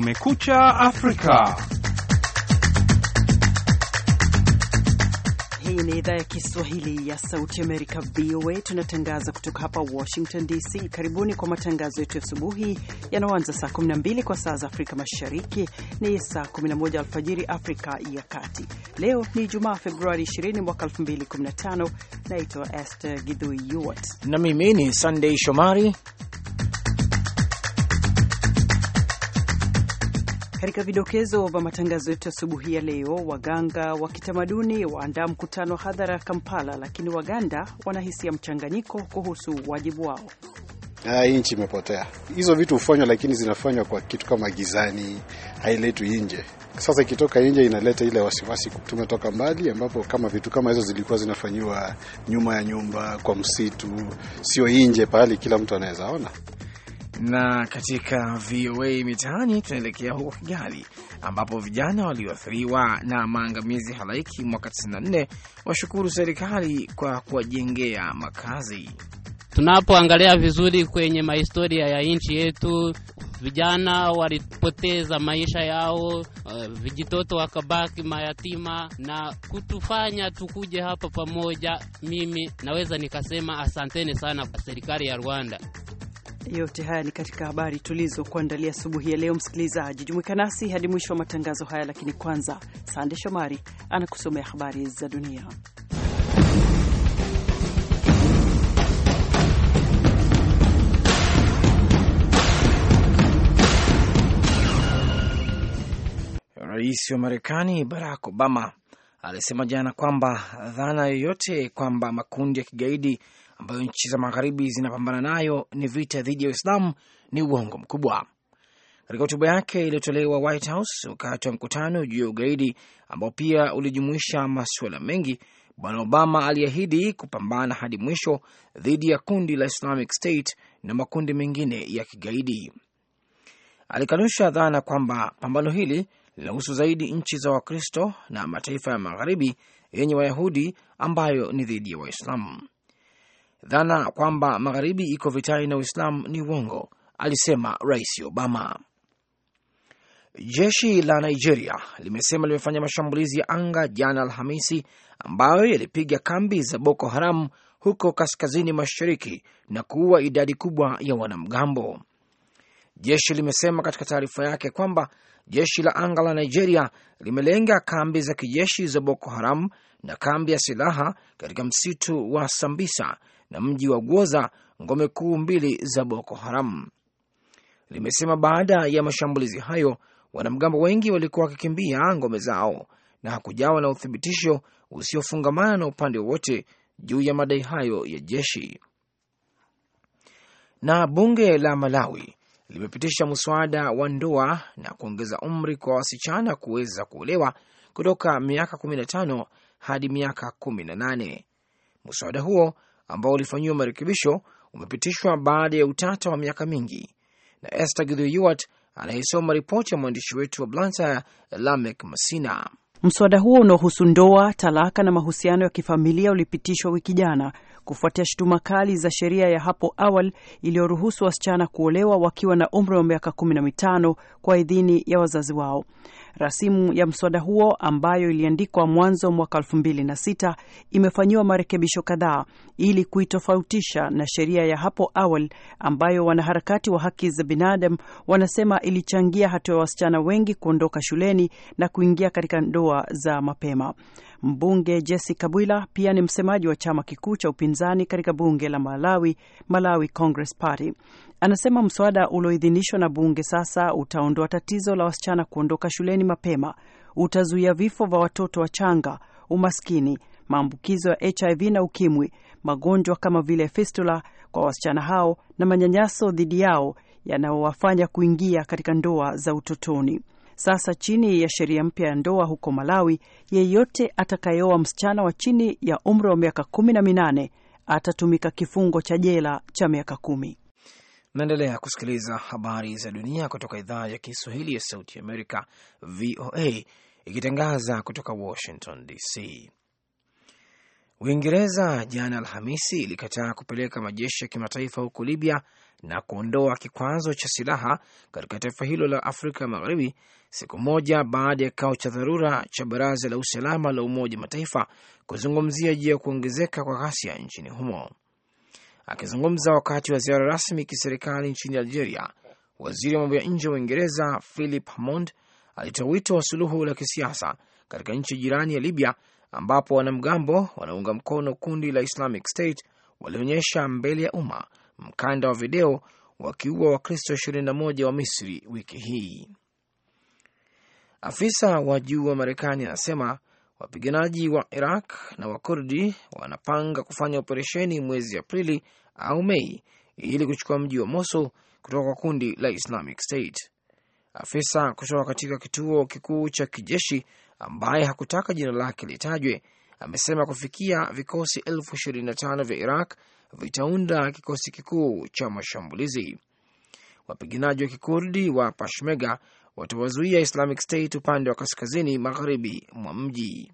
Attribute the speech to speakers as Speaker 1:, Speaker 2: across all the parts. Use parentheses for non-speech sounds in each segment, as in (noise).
Speaker 1: Kumekucha
Speaker 2: Afrika.
Speaker 1: Hii ni idhaa ya Kiswahili ya Sauti Amerika, VOA. Tunatangaza kutoka hapa Washington DC. Karibuni kwa matangazo yetu ya asubuhi yanayoanza saa 12 kwa saa za Afrika Mashariki, ni saa 11 alfajiri Afrika ya Kati. Leo ni Jumaa, Februari 20 mwaka 2015. Naitwa Esther Gidhui Yuat
Speaker 3: na mimi ni Sandei Shomari
Speaker 1: Katika vidokezo vya matangazo yetu asubuhi ya leo, waganga wa kitamaduni waandaa mkutano wa hadhara Kampala, lakini Waganda wanahisia mchanganyiko kuhusu wajibu wao.
Speaker 2: Ah, hii nchi imepotea. Hizo vitu hufanywa, lakini zinafanywa kwa kitu kama gizani, hailetwi nje. Sasa ikitoka nje inaleta ile wasiwasi, tumetoka mbali ambapo kama vitu kama hizo zilikuwa zinafanyiwa nyuma ya nyumba, kwa msitu, sio nje, pahali kila mtu anaweza ona.
Speaker 3: Na katika VOA Mitaani tunaelekea huko Kigali, ambapo vijana walioathiriwa na maangamizi halaiki mwaka 94 washukuru serikali kwa kuwajengea
Speaker 4: makazi. Tunapoangalia vizuri kwenye mahistoria ya nchi yetu, vijana walipoteza maisha yao, eh, vijitoto wakabaki mayatima, na kutufanya tukuje hapa pamoja. Mimi naweza nikasema asanteni sana kwa serikali ya Rwanda.
Speaker 1: Yote haya ni katika habari tulizokuandalia asubuhi ya leo. Msikilizaji, jumuika nasi hadi mwisho wa matangazo haya, lakini kwanza, Sande Shomari anakusomea habari za dunia.
Speaker 3: Rais wa Marekani Barack Obama alisema jana kwamba dhana yoyote kwamba makundi ya kigaidi ambayo nchi za magharibi zinapambana nayo ni vita dhidi ya Uislamu ni uongo mkubwa. Katika hotuba yake iliyotolewa White House wakati wa mkutano juu ya ugaidi ambao pia ulijumuisha masuala mengi, Bwana Obama aliahidi kupambana hadi mwisho dhidi ya kundi la Islamic State na makundi mengine ya kigaidi. Alikanusha dhana kwamba pambano hili linahusu zaidi nchi za Wakristo na mataifa ya magharibi yenye Wayahudi ambayo ni dhidi ya Waislamu dhana kwamba magharibi iko vitani na Uislamu ni uongo, alisema Rais Obama. Jeshi la Nigeria limesema limefanya mashambulizi ya anga jana Alhamisi ambayo yalipiga kambi za Boko Haram huko kaskazini mashariki na kuua idadi kubwa ya wanamgambo. Jeshi limesema katika taarifa yake kwamba jeshi la anga la Nigeria limelenga kambi za kijeshi za Boko Haram na kambi ya silaha katika msitu wa Sambisa na mji wa Gwoza, ngome kuu mbili za Boko Haram. Limesema baada ya mashambulizi hayo wanamgambo wengi walikuwa wakikimbia ngome zao na hakujawa na uthibitisho usiofungamana na upande wowote juu ya madai hayo ya jeshi. Na bunge la Malawi limepitisha mswada wa ndoa na kuongeza umri kwa wasichana kuweza kuolewa kutoka miaka 15 hadi miaka 18. Mswada huo ambao ulifanyiwa marekebisho umepitishwa baada ya utata wa miaka mingi. Na Esther Githui anayesoma ripoti ya mwandishi wetu wa Blantyre, Lamek Masina.
Speaker 1: Mswada huo unaohusu ndoa, talaka na mahusiano ya kifamilia ulipitishwa wiki jana kufuatia shutuma kali za sheria ya hapo awali iliyoruhusu wasichana kuolewa wakiwa na umri wa miaka kumi na mitano kwa idhini ya wazazi wao. Rasimu ya mswada huo ambayo iliandikwa mwanzo mwaka elfu mbili na sita imefanyiwa marekebisho kadhaa ili kuitofautisha na sheria ya hapo awali ambayo wanaharakati wa haki za binadamu wanasema ilichangia hatua ya wasichana wengi kuondoka shuleni na kuingia katika ndoa za mapema. Mbunge Jessica Bwila pia ni msemaji wa chama kikuu cha upinzani katika bunge la Malawi, Malawi Congress Party. Anasema mswada ulioidhinishwa na bunge sasa utaondoa tatizo la wasichana kuondoka shuleni mapema, utazuia vifo vya watoto wachanga, umaskini, maambukizo ya HIV na ukimwi, magonjwa kama vile fistula kwa wasichana hao na manyanyaso dhidi yao yanayowafanya kuingia katika ndoa za utotoni. Sasa chini ya sheria mpya ya ndoa huko Malawi, yeyote atakayeoa msichana wa chini ya umri wa miaka kumi na minane atatumika kifungo cha jela cha miaka kumi.
Speaker 3: Naendelea kusikiliza habari za dunia kutoka idhaa ya Kiswahili ya Sauti ya Amerika, VOA, ikitangaza kutoka Washington DC. Uingereza jana Alhamisi ilikataa kupeleka majeshi ya kimataifa huko Libya na kuondoa kikwazo cha silaha katika taifa hilo la Afrika Magharibi, siku moja baada ya kikao cha dharura cha Baraza la Usalama la Umoja wa Mataifa kuzungumzia juu ya kuongezeka kwa ghasia nchini humo. Akizungumza wakati wa ziara rasmi kiserikali nchini Algeria, waziri wa mambo ya nje wa Uingereza Philip Hammond alitoa wito wa suluhu la kisiasa katika nchi jirani ya Libya ambapo wanamgambo wanaunga mkono kundi la Islamic State walionyesha mbele ya umma mkanda wa video wakiua Wakristo 21 wa Misri wiki hii. Afisa wa juu wa Marekani anasema wapiganaji wa Iraq na Wakurdi wanapanga kufanya operesheni mwezi Aprili au Mei ili kuchukua mji wa Mosul kutoka kwa kundi la Islamic State. Afisa kutoka katika kituo kikuu cha kijeshi ambaye hakutaka jina lake litajwe, amesema kufikia vikosi elfu ishirini na tano vya Iraq vitaunda kikosi kikuu cha mashambulizi. Wapiganaji wa kikurdi wa Peshmerga watawazuia Islamic State upande wa kaskazini magharibi mwa mji.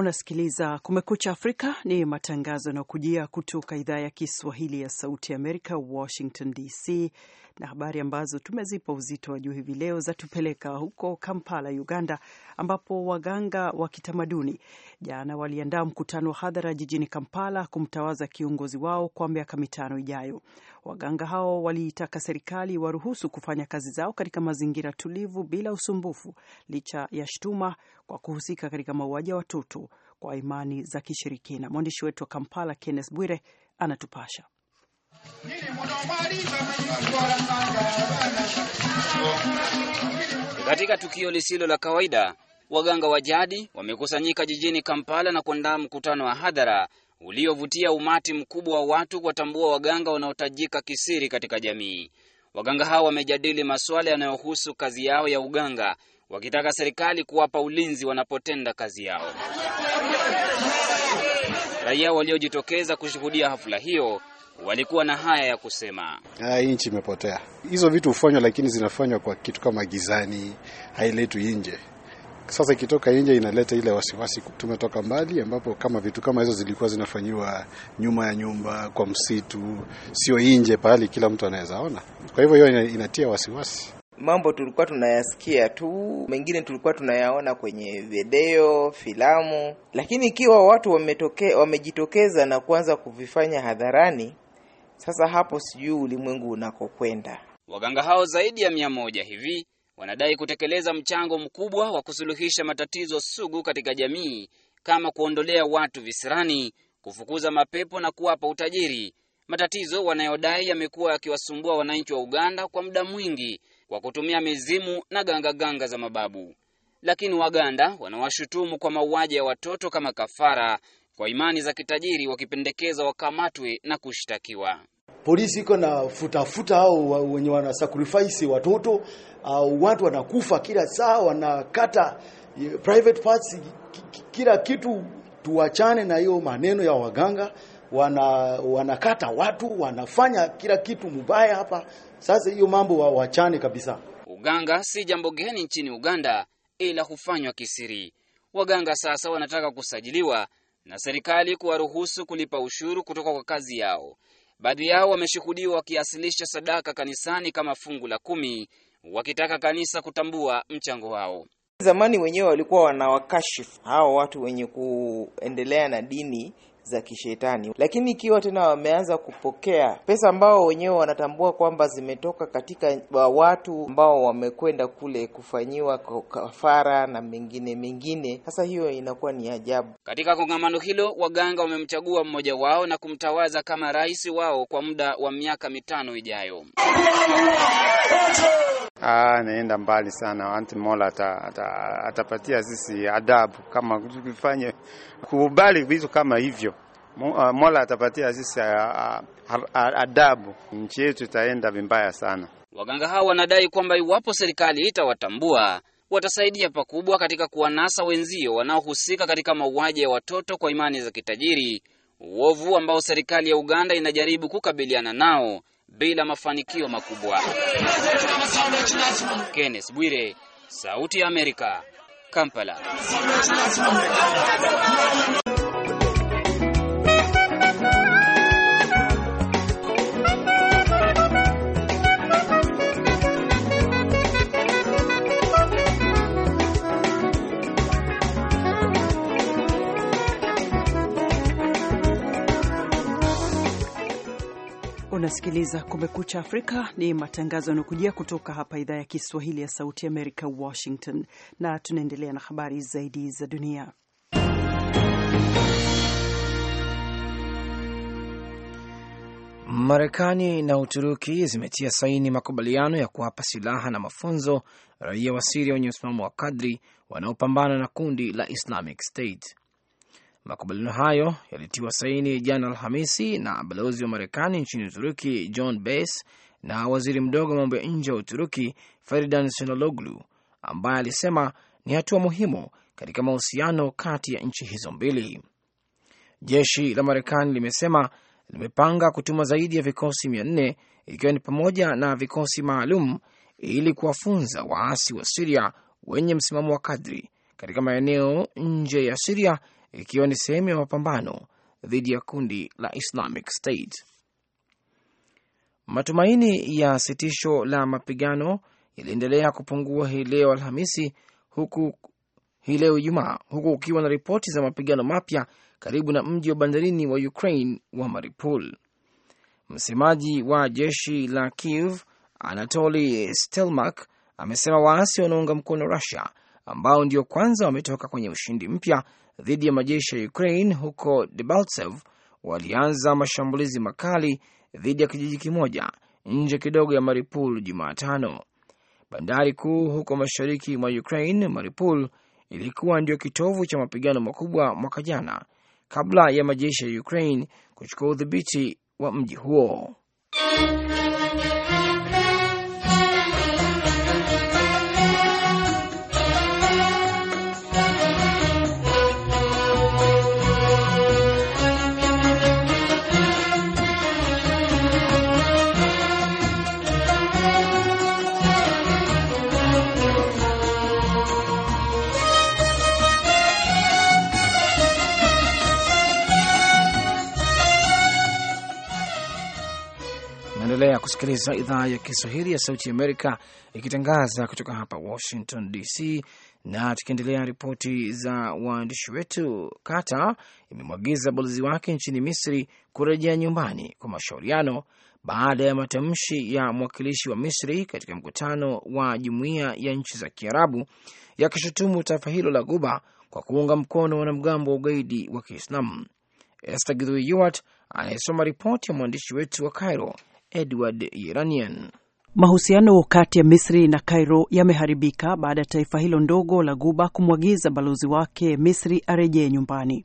Speaker 1: Unasikiliza Kumekucha Afrika, ni matangazo yanayokujia kutoka idhaa ya Kiswahili ya Sauti Amerika, Washington DC. Na habari ambazo tumezipa uzito wa juu hivi leo zatupeleka huko Kampala, Uganda, ambapo waganga wa kitamaduni jana waliandaa mkutano wa hadhara jijini Kampala kumtawaza kiongozi wao kwa miaka mitano ijayo. Waganga hao waliitaka serikali waruhusu kufanya kazi zao katika mazingira tulivu bila usumbufu, licha ya shtuma kwa kuhusika katika mauaji ya watoto kwa imani za kishirikina. Mwandishi wetu wa Kampala, Kenneth Bwire, anatupasha.
Speaker 5: Katika tukio lisilo la kawaida, waganga wa jadi wamekusanyika jijini Kampala na kuandaa mkutano wa hadhara uliovutia umati mkubwa wa watu kuwatambua waganga wanaotajika kisiri katika jamii. Waganga hao wamejadili masuala yanayohusu kazi yao ya uganga, wakitaka serikali kuwapa ulinzi wanapotenda kazi yao. Raia waliojitokeza kushuhudia hafla hiyo walikuwa na haya ya kusema.
Speaker 2: Ah, hii nchi imepotea, hizo vitu hufanywa, lakini zinafanywa kwa kitu kama gizani, hailetu nje. Sasa ikitoka nje inaleta ile wasiwasi, tumetoka mbali ambapo kama vitu kama hizo zilikuwa zinafanyiwa nyuma ya nyumba, kwa msitu, sio nje pahali kila mtu anaweza ona. Kwa hivyo hiyo inatia wasiwasi. Mambo tulikuwa tunayasikia tu, mengine tulikuwa tunayaona kwenye video, filamu, lakini ikiwa watu wametoke, wamejitokeza na kuanza kuvifanya hadharani, sasa hapo sijui ulimwengu unakokwenda.
Speaker 5: Waganga hao zaidi ya mia moja hivi wanadai kutekeleza mchango mkubwa wa kusuluhisha matatizo sugu katika jamii kama kuondolea watu visirani, kufukuza mapepo na kuwapa utajiri, matatizo wanayodai yamekuwa yakiwasumbua wananchi wa Uganda kwa muda mwingi kwa kutumia mizimu na gangaganga ganga za mababu. Lakini Waganda wanawashutumu kwa mauaji ya watoto kama kafara kwa imani za kitajiri, wakipendekeza wakamatwe na kushtakiwa
Speaker 2: polisi iko na futafuta au wenye wana sacrifice watoto au watu wanakufa kila saa, wanakata eh, private parts kila kitu. Tuachane na hiyo maneno ya waganga wana, wanakata watu wanafanya kila kitu mubaya hapa. Sasa hiyo mambo wawachane kabisa.
Speaker 5: Uganga si jambo geni nchini Uganda, ila hufanywa kisiri. Waganga sasa wanataka kusajiliwa na serikali kuwaruhusu kulipa ushuru kutoka kwa kazi yao. Baadhi yao wameshuhudiwa wakiasilisha sadaka kanisani kama fungu la kumi, wakitaka kanisa kutambua mchango wao.
Speaker 2: Zamani wenyewe walikuwa wanawakashifu hao watu wenye kuendelea na dini za kishetani. Lakini ikiwa tena wameanza kupokea pesa ambao wenyewe wanatambua kwamba zimetoka katika watu ambao wamekwenda kule kufanyiwa kafara na mengine mengine, sasa hiyo inakuwa ni ajabu.
Speaker 5: Katika kongamano hilo, waganga wamemchagua mmoja wao na kumtawaza kama rais wao kwa muda wa miaka mitano ijayo.
Speaker 6: Ah, naenda mbali sana, Anti Mola atapatia ata, sisi adabu kama tukifanye kubali vitu kama hivyo. Ah, Mola atapatia sisi ah, adabu, nchi yetu itaenda vibaya sana.
Speaker 5: Waganga hao wanadai kwamba iwapo serikali itawatambua watasaidia pakubwa katika kuwanasa wenzio wanaohusika katika mauaji ya watoto kwa imani za kitajiri, uovu ambao serikali ya Uganda inajaribu kukabiliana nao bila mafanikio makubwa. Kenneth Bwire, Sauti ya Amerika, Kampala.
Speaker 1: Unasikiliza Kumekucha Afrika, ni matangazo yanaokujia kutoka hapa idhaa ya Kiswahili ya Sauti ya Amerika, Washington, na tunaendelea na habari zaidi za dunia.
Speaker 3: Marekani na Uturuki zimetia saini makubaliano ya kuwapa silaha na mafunzo raia wa Siria wenye msimamo wa kadri wanaopambana na kundi la Islamic State. Makubaliano hayo yalitiwa saini jana Alhamisi na balozi wa Marekani nchini Uturuki John Bass na waziri mdogo wa mambo ya nje wa Uturuki Feridan Sinologlu, ambaye alisema ni hatua muhimu katika mahusiano kati ya nchi hizo mbili. Jeshi la Marekani limesema limepanga kutuma zaidi ya vikosi mia nne ikiwa ni pamoja na vikosi maalum ili kuwafunza waasi wa Siria wenye msimamo wa kadri katika maeneo nje ya Siria ikiwa ni sehemu ya mapambano dhidi ya kundi la Islamic State. Matumaini ya sitisho la mapigano yaliendelea kupungua hii leo Alhamisi, huku hii leo Ijumaa, huku ukiwa na ripoti za mapigano mapya karibu na mji wa bandarini wa Ukraine wa Mariupol. Msemaji wa jeshi la Kiev Anatoli Stelmak amesema waasi wanaunga mkono Rusia ambao ndio kwanza wametoka kwenye ushindi mpya dhidi ya majeshi ya Ukraine huko Debaltsev walianza mashambulizi makali dhidi ya kijiji kimoja nje kidogo ya Mariupol Jumatano. Bandari kuu huko mashariki mwa Ukraine, Mariupol, ilikuwa ndio kitovu cha mapigano makubwa mwaka jana kabla ya majeshi ya Ukraine kuchukua udhibiti wa mji huo. Unaendelea kusikiliza idhaa ya Kiswahili ya Sauti Amerika ikitangaza kutoka hapa Washington DC, na tukiendelea ripoti za waandishi wetu, Qatar imemwagiza balozi wake nchini Misri kurejea nyumbani kwa mashauriano baada ya matamshi ya mwakilishi wa Misri katika mkutano wa Jumuiya ya Nchi za Kiarabu yakishutumu taifa hilo la Guba kwa kuunga mkono wanamgambo wa ugaidi wa Kiislamu. Esther Githui anayesoma ripoti ya mwandishi wetu wa Cairo Edward Yeranian.
Speaker 1: Mahusiano kati ya Misri na Cairo yameharibika baada ya taifa hilo ndogo la Guba kumwagiza balozi wake Misri arejee nyumbani.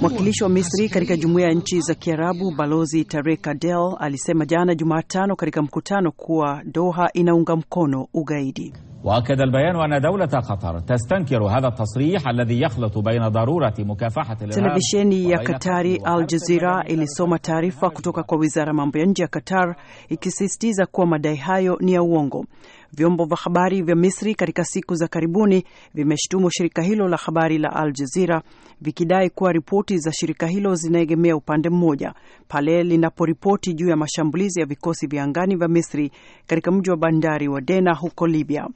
Speaker 1: Mwakilishi wa Misri katika jumuiya ya nchi za Kiarabu Balozi Tarek Adel alisema jana Jumatano katika mkutano kuwa Doha inaunga mkono ugaidi.
Speaker 5: وأكد البيان أن دولة قطر تستنكر هذا التصريح الذي يخلط بين ضرورة مكافحة Televisheni ya Katari
Speaker 1: Al Jazeera ilisoma taarifa kutoka kwa wizara ya mambo ya nje ya Qatar ikisisitiza kuwa madai hayo ni ya uongo. Vyombo vya habari vya Misri katika siku za karibuni vimeshtumu shirika hilo la habari la Al Jazeera vikidai kuwa ripoti za shirika hilo zinaegemea upande mmoja pale linaporipoti juu ya mashambulizi ya vikosi vya angani vya Misri katika mji wa bandari wa Dena huko Libya.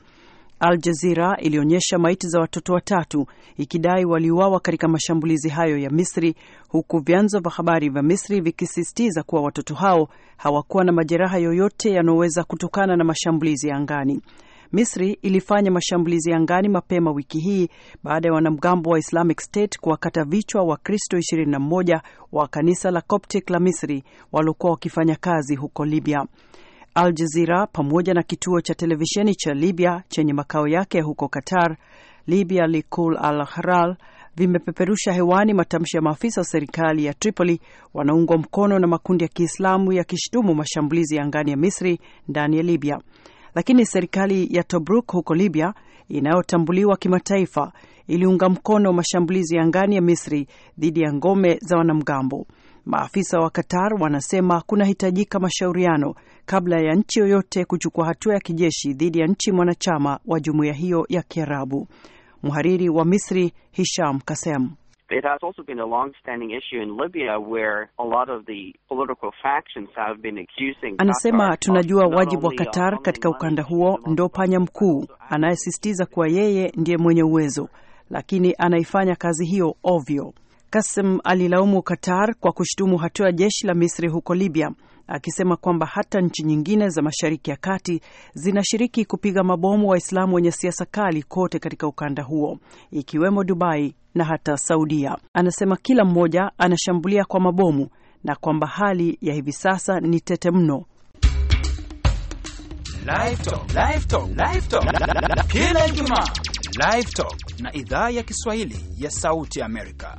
Speaker 1: Al Jazeera ilionyesha maiti za watoto watatu ikidai waliuawa katika mashambulizi hayo ya Misri, huku vyanzo vya habari vya Misri vikisisitiza kuwa watoto hao hawakuwa na majeraha yoyote yanayoweza kutokana na mashambulizi ya angani. Misri ilifanya mashambulizi angani mapema wiki hii baada ya wanamgambo wa Islamic State kuwakata vichwa Wakristo 21 wa kanisa la Coptic la Misri waliokuwa wakifanya kazi huko Libya. Al Jazeera pamoja na kituo cha televisheni cha Libya chenye makao yake huko Qatar, Libya likul Al Haral, vimepeperusha hewani matamshi ya maafisa wa serikali ya Tripoli wanaungwa mkono na makundi ya Kiislamu yakishutumu mashambulizi ya angani ya Misri ndani ya Libya. Lakini serikali ya Tobruk huko Libya inayotambuliwa kimataifa iliunga mkono mashambulizi ya angani ya Misri dhidi ya ngome za wanamgambo. Maafisa wa Qatar wanasema kunahitajika mashauriano kabla ya nchi yoyote kuchukua hatua ya kijeshi dhidi ya nchi mwanachama wa jumuiya hiyo ya Kiarabu. Mhariri wa Misri Hisham Kasem
Speaker 5: It has also been a long-standing issue in Libya where
Speaker 1: a lot of the political factions have been accusing. Anasema tunajua wajibu wa uh, Qatar katika ukanda huo, ndo panya mkuu anayesisitiza kuwa yeye ndiye mwenye uwezo, lakini anaifanya kazi hiyo ovyo. Kasim alilaumu Qatar kwa kushutumu hatua ya jeshi la Misri huko Libya, akisema kwamba hata nchi nyingine za Mashariki ya Kati zinashiriki kupiga mabomu Waislamu wenye siasa kali kote katika ukanda huo, ikiwemo Dubai na hata Saudia. Anasema kila mmoja anashambulia kwa mabomu na kwamba hali ya hivi sasa ni tete mno.
Speaker 7: Kila Ijumaa Live Talk na idhaa ya Kiswahili ya Sauti Amerika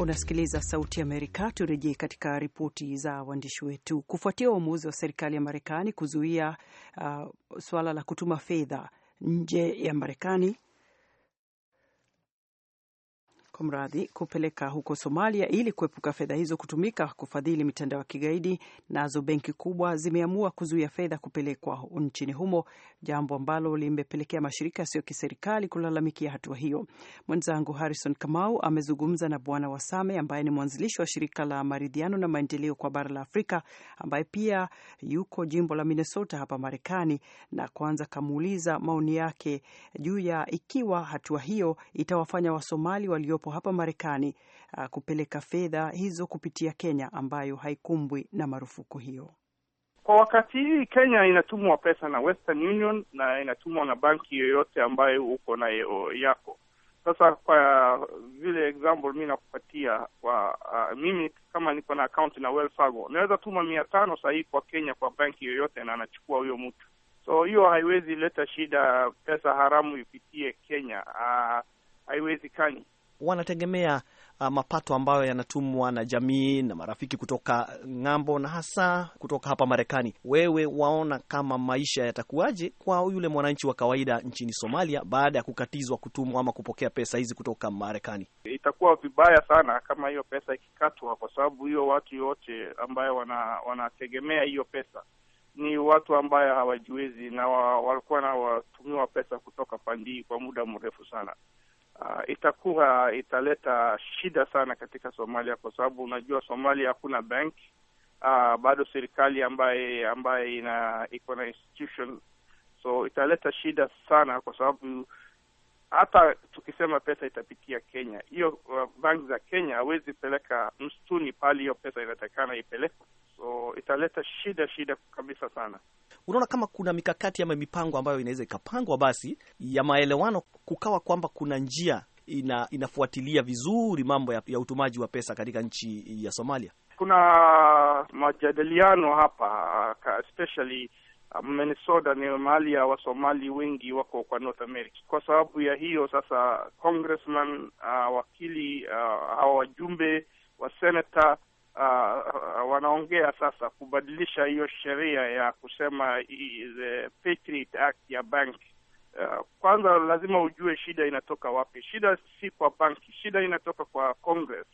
Speaker 1: Unasikiliza Sauti ya Amerika. Turejee katika ripoti za waandishi wetu. Kufuatia uamuzi wa serikali ya Marekani kuzuia uh, suala la kutuma fedha nje ya Marekani mradhi kupeleka huko Somalia ili kuepuka fedha hizo kutumika kufadhili mitandao ya kigaidi. Nazo benki kubwa zimeamua kuzuia fedha kupelekwa nchini humo jambo ambalo limepelekea mashirika yasiyo kiserikali kulalamikia hatua hiyo. Mwenzangu Harrison Kamau amezungumza na Bwana Wasame ambaye ni mwanzilishi wa shirika la maridhiano na maendeleo kwa bara la Afrika ambaye pia yuko jimbo la Minnesota hapa Marekani, na kwanza kamuuliza maoni yake juu ya ikiwa hatua hiyo itawafanya Wasomali waliopo hapa Marekani uh, kupeleka fedha hizo kupitia Kenya ambayo haikumbwi na marufuku hiyo.
Speaker 8: Kwa wakati hii Kenya inatumwa pesa na Western Union na inatumwa na banki yoyote ambayo uko nayo yako. Sasa kwa vile example mi nakupatia kwa uh, mimi kama niko na account na Wells Fargo naweza tuma mia tano sahii kwa Kenya kwa banki yoyote, na anachukua huyo mtu, so hiyo haiwezi leta shida, pesa haramu ipitie Kenya, uh, haiwezekani.
Speaker 9: Wanategemea Uh, mapato ambayo yanatumwa na jamii na marafiki kutoka ng'ambo na hasa kutoka hapa Marekani. Wewe waona kama maisha yatakuwaje kwa yule mwananchi wa kawaida nchini Somalia baada ya kukatizwa kutumwa ama kupokea pesa hizi kutoka Marekani?
Speaker 8: Itakuwa vibaya sana kama hiyo pesa ikikatwa, kwa sababu hiyo watu yote ambayo wana wanategemea hiyo pesa ni watu ambayo hawajiwezi na walikuwa na watumiwa pesa kutoka pandii kwa muda mrefu sana uh, itakuwa italeta shida sana katika Somalia kwa sababu unajua Somalia hakuna bank uh, bado serikali ambaye ambaye ina iko na institution so italeta shida sana kwa sababu hata tukisema pesa itapitia Kenya, hiyo uh, banki za Kenya hawezi peleka msituni pale hiyo pesa inatakikana ipelekwe, so italeta shida shida kabisa sana.
Speaker 9: Unaona kama kuna mikakati ama mipango ambayo inaweza ikapangwa basi ya maelewano, kukawa kwamba kuna njia ina, inafuatilia vizuri mambo ya, ya utumaji wa pesa katika nchi ya Somalia.
Speaker 8: Kuna majadiliano hapa uh, especially Um, Minnesota ni mahali ya Wasomali wengi wako kwa North America. Kwa sababu ya hiyo sasa, congressman uh, wakili uh, hawa uh, wajumbe wa senata uh, wanaongea sasa kubadilisha hiyo sheria ya kusema the Patriot Act ya bank. Uh, kwanza lazima ujue shida inatoka wapi. Shida si kwa banki, shida inatoka kwa Congress,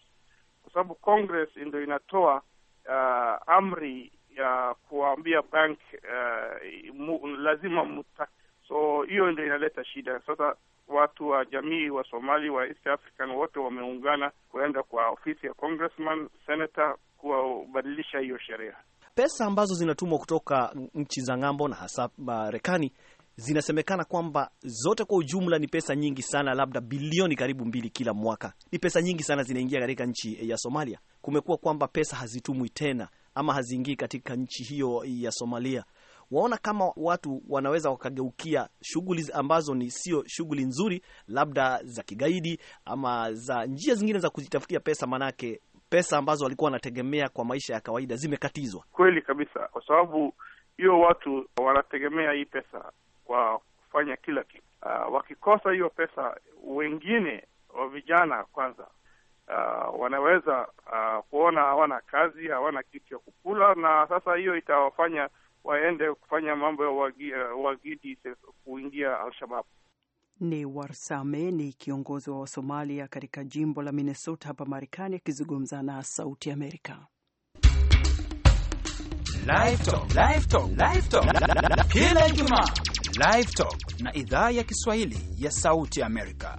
Speaker 8: kwa sababu Congress ndio inatoa uh, amri ya kuwaambia bank uh, mu, lazima muta. So hiyo ndio inaleta shida sasa. Watu wa jamii wa Somali wa East African wote wameungana kuenda kwa ofisi ya congressman senator kuwabadilisha hiyo sheria.
Speaker 9: Pesa ambazo zinatumwa kutoka nchi za ng'ambo na hasa uh, Marekani zinasemekana kwamba zote kwa ujumla ni pesa nyingi sana, labda bilioni karibu mbili kila mwaka. Ni pesa nyingi sana zinaingia katika nchi ya Somalia. Kumekuwa kwamba pesa hazitumwi tena ama haziingii katika nchi hiyo ya Somalia, waona kama watu wanaweza wakageukia shughuli ambazo ni sio shughuli nzuri, labda za kigaidi ama za njia zingine za kujitafutia pesa, manake pesa ambazo walikuwa wanategemea kwa maisha ya kawaida zimekatizwa.
Speaker 8: Kweli kabisa, kwa sababu hiyo watu wanategemea hii pesa kwa kufanya kila kitu. Uh, wakikosa hiyo pesa, wengine wa vijana kwanza uh, wanaweza uh, kuona hawana kazi, hawana kitu ya kukula, na sasa hiyo itawafanya waende kufanya mambo ya uwagidi uh, kuingia alshababu
Speaker 1: Ni Warsame ni kiongozi wa Wasomalia katika jimbo la Minnesota hapa Marekani, akizungumza na Sauti Amerika.
Speaker 7: Kila Ijumaa Live Talk na idhaa ya Kiswahili ya Sauti Amerika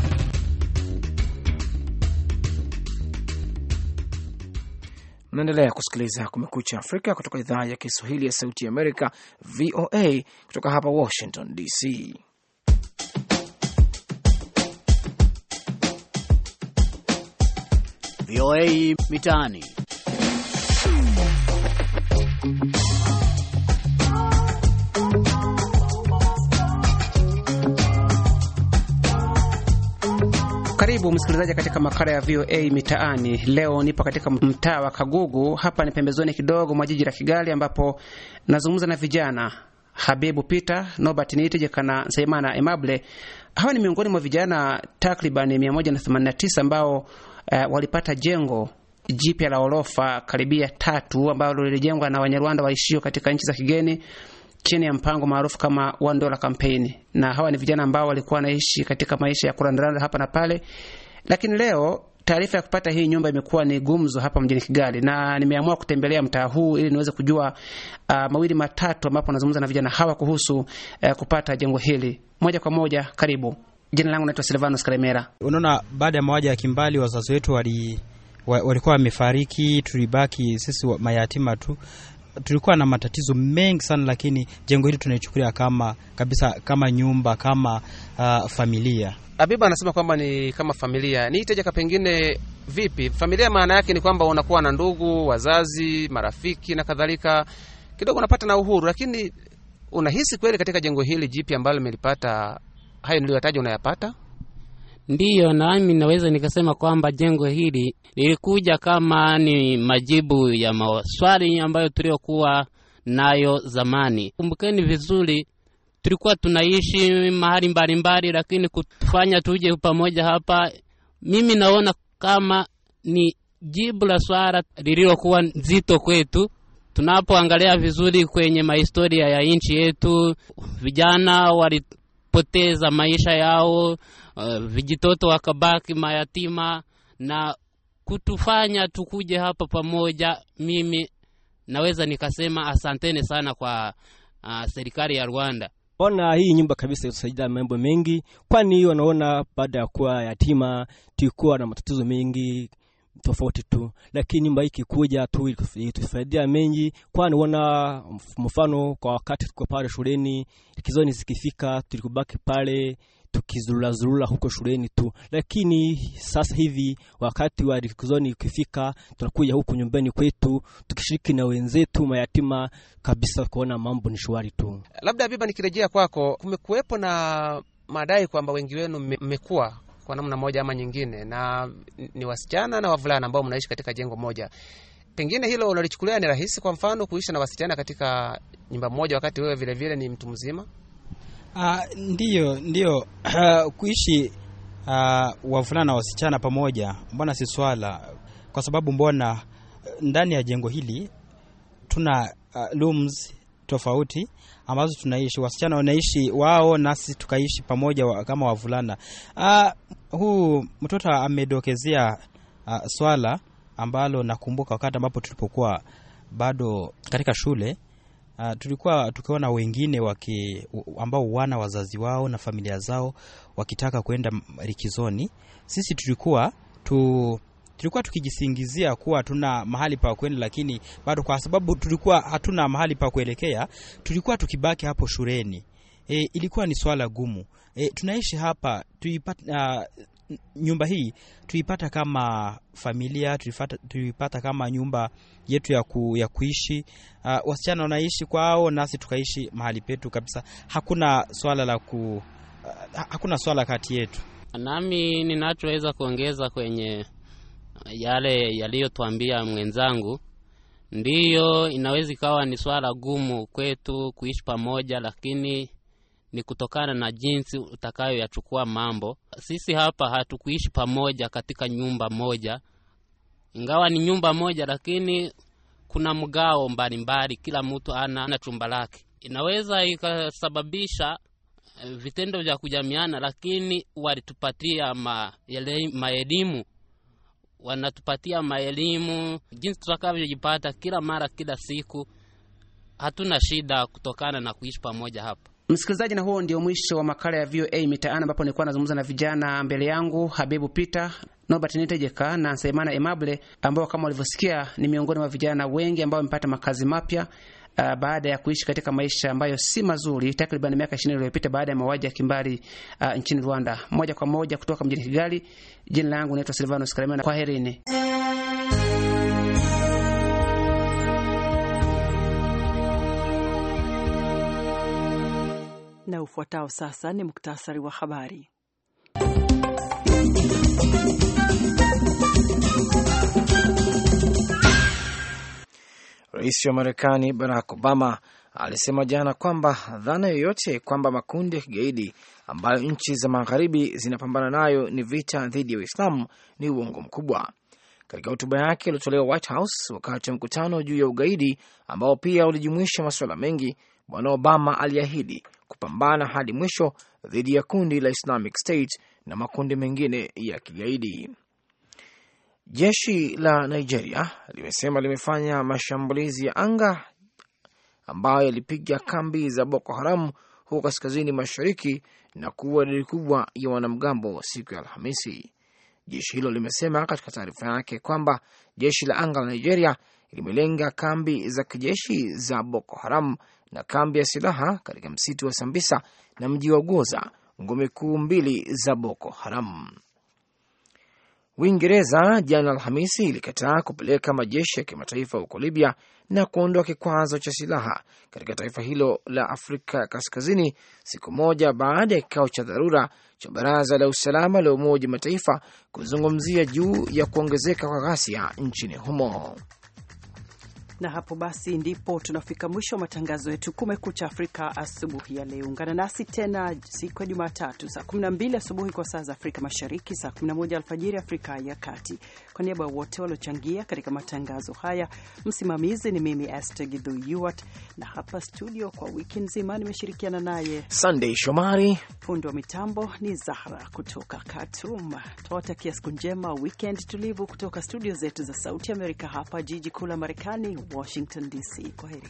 Speaker 3: unaendelea kusikiliza Kumekucha Afrika kutoka idhaa ya Kiswahili ya Sauti ya Amerika, VOA, kutoka hapa Washington
Speaker 4: DC. VOA Mitaani.
Speaker 6: karibu msikilizaji katika makala ya VOA Mitaani. Leo nipo katika mtaa wa Kagugu, hapa ni pembezoni kidogo mwa jiji la Kigali, ambapo nazungumza na vijana Habibu Peter, Nobert Niyitegeka na Nsaimana Emable. Hawa ni miongoni mwa vijana takriban 189 ambao uh, walipata jengo jipya la orofa karibia tatu ambalo lilijengwa na Wanyarwanda waishio katika nchi za kigeni chini ya mpango maarufu kama One Dollar Campaign, na hawa ni vijana ambao walikuwa wanaishi katika maisha ya kurandaranda hapa na pale, lakini leo taarifa ya kupata hii nyumba imekuwa ni gumzo hapa mjini Kigali, na nimeamua kutembelea mtaa huu ili niweze kujua uh, mawili matatu ambapo nazungumza na vijana hawa kuhusu uh, kupata jengo hili moja kwa moja. Karibu. Jina langu naitwa Silvanus Karemera. Unaona, baada ya mawaja
Speaker 2: ya kimbali wazazi wetu wali walikuwa wamefariki, tulibaki sisi mayatima tu, tulikuwa na matatizo mengi sana, lakini jengo hili tunaichukulia kama kabisa kama nyumba kama uh, familia.
Speaker 6: Habiba anasema kwamba ni kama familia. Ni itajaka pengine vipi familia? Maana yake ni kwamba unakuwa na ndugu, wazazi, marafiki na kadhalika, kidogo unapata na uhuru. Lakini unahisi kweli katika jengo hili jipya ambalo limelipata, hayo niliyotaja
Speaker 4: unayapata? Ndiyo, nami naweza nikasema kwamba jengo hili lilikuja kama ni majibu ya maswali ambayo tuliyokuwa nayo zamani. Kumbukeni vizuri, tulikuwa tunaishi mahali mbalimbali, lakini kutufanya tuje pamoja hapa, mimi naona kama ni jibu la swala lililokuwa nzito kwetu. Tunapoangalia vizuri kwenye mahistoria ya nchi yetu, vijana walipoteza maisha yao, Eh, vijitoto wakabaki mayatima na kutufanya tukuje hapa pamoja. Mimi naweza nikasema asanteni sana kwa uh, serikali ya Rwanda. Ona
Speaker 2: hii nyumba kabisa itusaidia mambo mengi, kwani wanaona baada ya kuwa yatima tulikuwa na matatizo mengi tofauti tu, lakini nyumba hii ikikuja tu itusaidia mengi, kwani wana mfano, kwa wakati tuko pale shuleni, likizoni zikifika tulikubaki pale tukizurulazurula huko shuleni tu, lakini sasa hivi wakati wa likizoni ukifika, tunakuja huku nyumbani kwetu tukishiriki na wenzetu mayatima kabisa, kuona mambo ni shwari tu.
Speaker 6: Labda Biba, nikirejea kwako, kumekuwepo na madai kwamba wengi wenu mmekuwa kwa namna moja ama nyingine, na ni wasichana na wavulana ambao mnaishi katika jengo moja. Pengine hilo unalichukulia ni rahisi, kwa mfano kuishi na wasichana katika nyumba moja, wakati wewe vilevile ni mtu mzima?
Speaker 2: ndio ah, ndiyo uh, (clears throat) kuishi uh, wavulana na wasichana pamoja, mbona si swala? Kwa sababu mbona ndani ya jengo hili tuna uh, rooms tofauti ambazo tunaishi, wasichana wanaishi wao, nasi tukaishi pamoja wa, kama wavulana. Uh, huu mtoto amedokezea uh, swala ambalo nakumbuka wakati ambapo tulipokuwa bado katika shule Uh, tulikuwa tukiona wengine waki, ambao wana wazazi wao na familia zao wakitaka kwenda likizoni. Sisi tulikuwa tu tulikuwa tukijisingizia kuwa tuna mahali pa kwenda, lakini bado kwa sababu tulikuwa hatuna mahali pa kuelekea, tulikuwa tukibaki hapo shuleni. E, ilikuwa ni swala gumu. E, tunaishi hapa tuipata, uh, nyumba hii tuipata kama familia, tuipata, tuipata kama nyumba yetu ya, ku, ya kuishi. Uh, wasichana wanaishi kwao, nasi tukaishi mahali petu kabisa. Hakuna swala la ku, uh, hakuna swala kati yetu.
Speaker 4: Nami ninachoweza kuongeza kwenye yale yaliyotuambia mwenzangu, ndiyo inaweza ikawa ni swala gumu kwetu kuishi pamoja, lakini ni kutokana na jinsi utakayoyachukua mambo. Sisi hapa hatukuishi pamoja katika nyumba moja, ingawa ni nyumba moja, lakini kuna mgao mbalimbali, kila mtu ana, na chumba lake. Inaweza ikasababisha eh, vitendo vya kujamiana, lakini walitupatia maelimu, wanatupatia maelimu jinsi tutakavyojipata kila mara, kila siku. Hatuna shida kutokana na kuishi pamoja hapa.
Speaker 6: Msikilizaji, na huo ndio mwisho wa makala ya VOA Mitaani, ambapo nilikuwa nazungumza na vijana mbele yangu Habibu Peter, Norbert Nitejeka na Nsaimana Emable, ambao kama walivyosikia ni miongoni mwa vijana wengi ambao wamepata makazi mapya Uh, baada ya kuishi katika maisha ambayo si mazuri takriban miaka ishirini iliyopita baada ya mauaji ya kimbari uh, nchini Rwanda. Moja kwa moja kutoka mjini Kigali, jina langu naitwa Silvanus kwa herini.
Speaker 1: na ufuatao sasa ni muktasari wa habari.
Speaker 3: Rais wa Marekani Barack Obama alisema jana kwamba dhana yoyote kwamba makundi ya kigaidi ambayo nchi za magharibi zinapambana nayo ni vita dhidi ya Uislamu ni uongo mkubwa. Katika hotuba yake iliyotolewa White House wakati wa mkutano juu ya ugaidi ambao pia ulijumuisha masuala mengi Bwana Obama aliahidi kupambana hadi mwisho dhidi ya kundi la Islamic State na makundi mengine ya kigaidi. Jeshi la Nigeria limesema limefanya mashambulizi ya anga ambayo yalipiga kambi za Boko Haram huko kaskazini mashariki na kuwa idadi kubwa ya wanamgambo siku ya Alhamisi. Jeshi hilo limesema katika taarifa yake kwamba jeshi la anga la Nigeria limelenga kambi za kijeshi za Boko Haram na kambi ya silaha katika msitu wa Sambisa na mji wa Goza, ngome kuu mbili za Boko Haram. Uingereza jana Alhamisi ilikataa kupeleka majeshi ya kimataifa huko Libya na kuondoa kikwazo cha silaha katika taifa hilo la Afrika ya Kaskazini, siku moja baada ya kikao cha dharura cha Baraza la Usalama la Umoja wa Mataifa kuzungumzia juu ya kuongezeka kwa ghasia nchini humo
Speaker 1: na hapo basi ndipo tunafika mwisho wa matangazo yetu Kumekucha Afrika asubuhi ya leo. Ungana nasi tena siku ya Jumatatu saa 12 asubuhi kwa saa za Afrika Mashariki, saa 11 alfajiri Afrika ya Kati. Kwa niaba ya wote waliochangia katika matangazo haya, msimamizi ni mimi yuart na hapa studio kwa wiki nzima nimeshirikiana naye Sunday
Speaker 3: Shomari,
Speaker 1: fundi wa mitambo ni Zahra kutoka Khartoum. tawatakia siku njema, weekend tulivu, kutoka studio zetu za Sauti Amerika hapa jiji kuu la Marekani, Washington DC. Kwa heri.